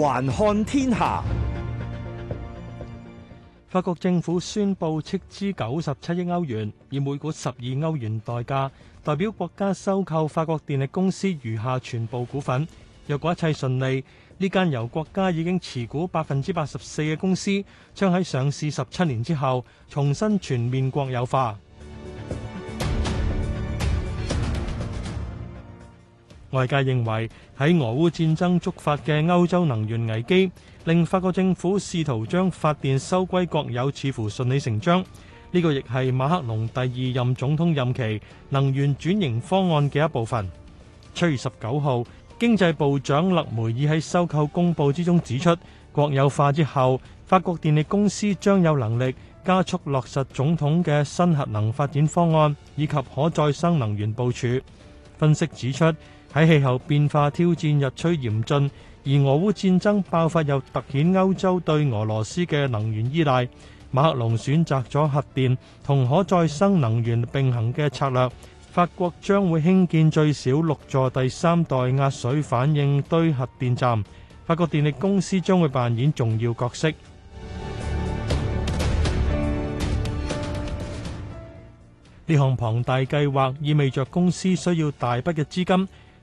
環看天下，法國政府宣布斥資九十七億歐元，以每股十二歐元代價，代表國家收購法國電力公司餘下全部股份。若果一切順利，呢間由國家已經持股百分之八十四嘅公司，將喺上市十七年之後，重新全面國有化。外界認為喺俄烏戰爭觸發嘅歐洲能源危機，令法國政府試圖將發電收歸國有，似乎順理成章。呢個亦係馬克龍第二任總統任期能源轉型方案嘅一部分。七月十九號，經濟部長勒梅爾喺收購公佈之中指出，國有化之後，法國電力公司將有能力加速落實總統嘅新核能發展方案，以及可再生能源部署。分析指出。喺氣候變化挑戰日趨嚴峻，而俄烏戰爭爆發又凸顯歐洲對俄羅斯嘅能源依賴。馬克龍選擇咗核電同可再生能源並行嘅策略。法國將會興建最少六座第三代壓水反應堆核電站。法國電力公司將會扮演重要角色。呢項龐大計劃意味着公司需要大筆嘅資金。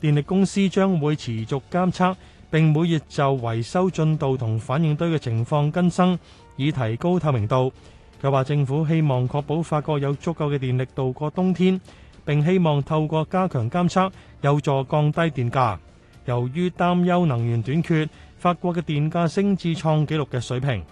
電力公司將會持續監測，並每月就維修進度同反應堆嘅情況更新，以提高透明度。佢話政府希望確保法國有足夠嘅電力度過冬天，並希望透過加強監測，有助降低電價。由於擔憂能源短缺，法國嘅電價升至創紀錄嘅水平。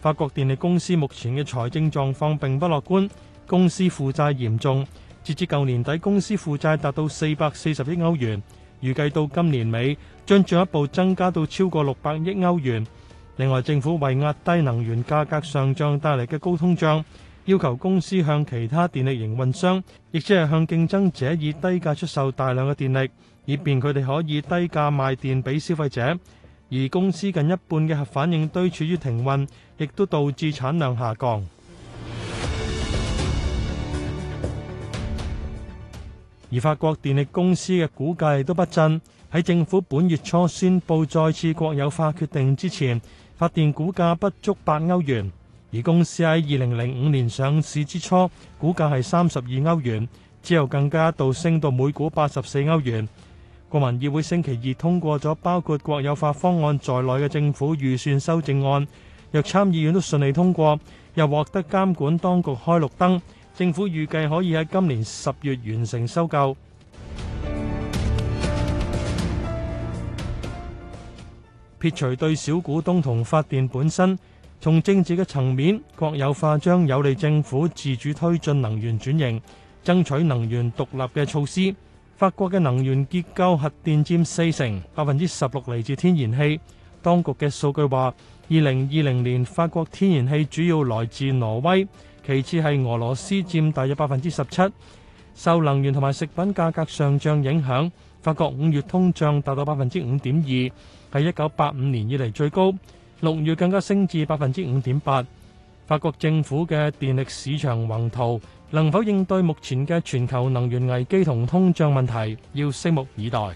法國電力公司目前嘅財政狀況並不樂觀。公司負債嚴重，截至舊年底，公司負債達到四百四十億歐元，預計到今年尾將進一步增加到超過六百億歐元。另外，政府為壓低能源價格上漲帶嚟嘅高通脹，要求公司向其他電力營運商，亦即係向競爭者以低價出售大量嘅電力，以便佢哋可以低價賣電俾消費者。而公司近一半嘅核反應堆處於停運，亦都導致產量下降。而法國電力公司嘅股價都不振，喺政府本月初宣布再次國有化決定之前，發電股價不足八歐元。而公司喺二零零五年上市之初，股價係三十二歐元，之後更加一度升到每股八十四歐元。國民議會星期二通過咗包括國有化方案在內嘅政府預算修正案，若參議院都順利通過，又獲得監管當局開綠燈。政府預計可以喺今年十月完成收購。撇除對小股東同發電本身，從政治嘅層面，國有化將有利政府自主推進能源轉型，爭取能源獨立嘅措施。法國嘅能源結構，核電佔四成，百分之十六嚟自天然氣。當局嘅數據話，二零二零年法國天然氣主要來自挪威。其次係俄羅斯，佔大約百分之十七，受能源同埋食品價格上漲影響。法國五月通脹達到百分之五點二，係一九八五年以嚟最高。六月更加升至百分之五點八。法國政府嘅電力市場宏圖能否應對目前嘅全球能源危機同通脹問題，要拭目以待。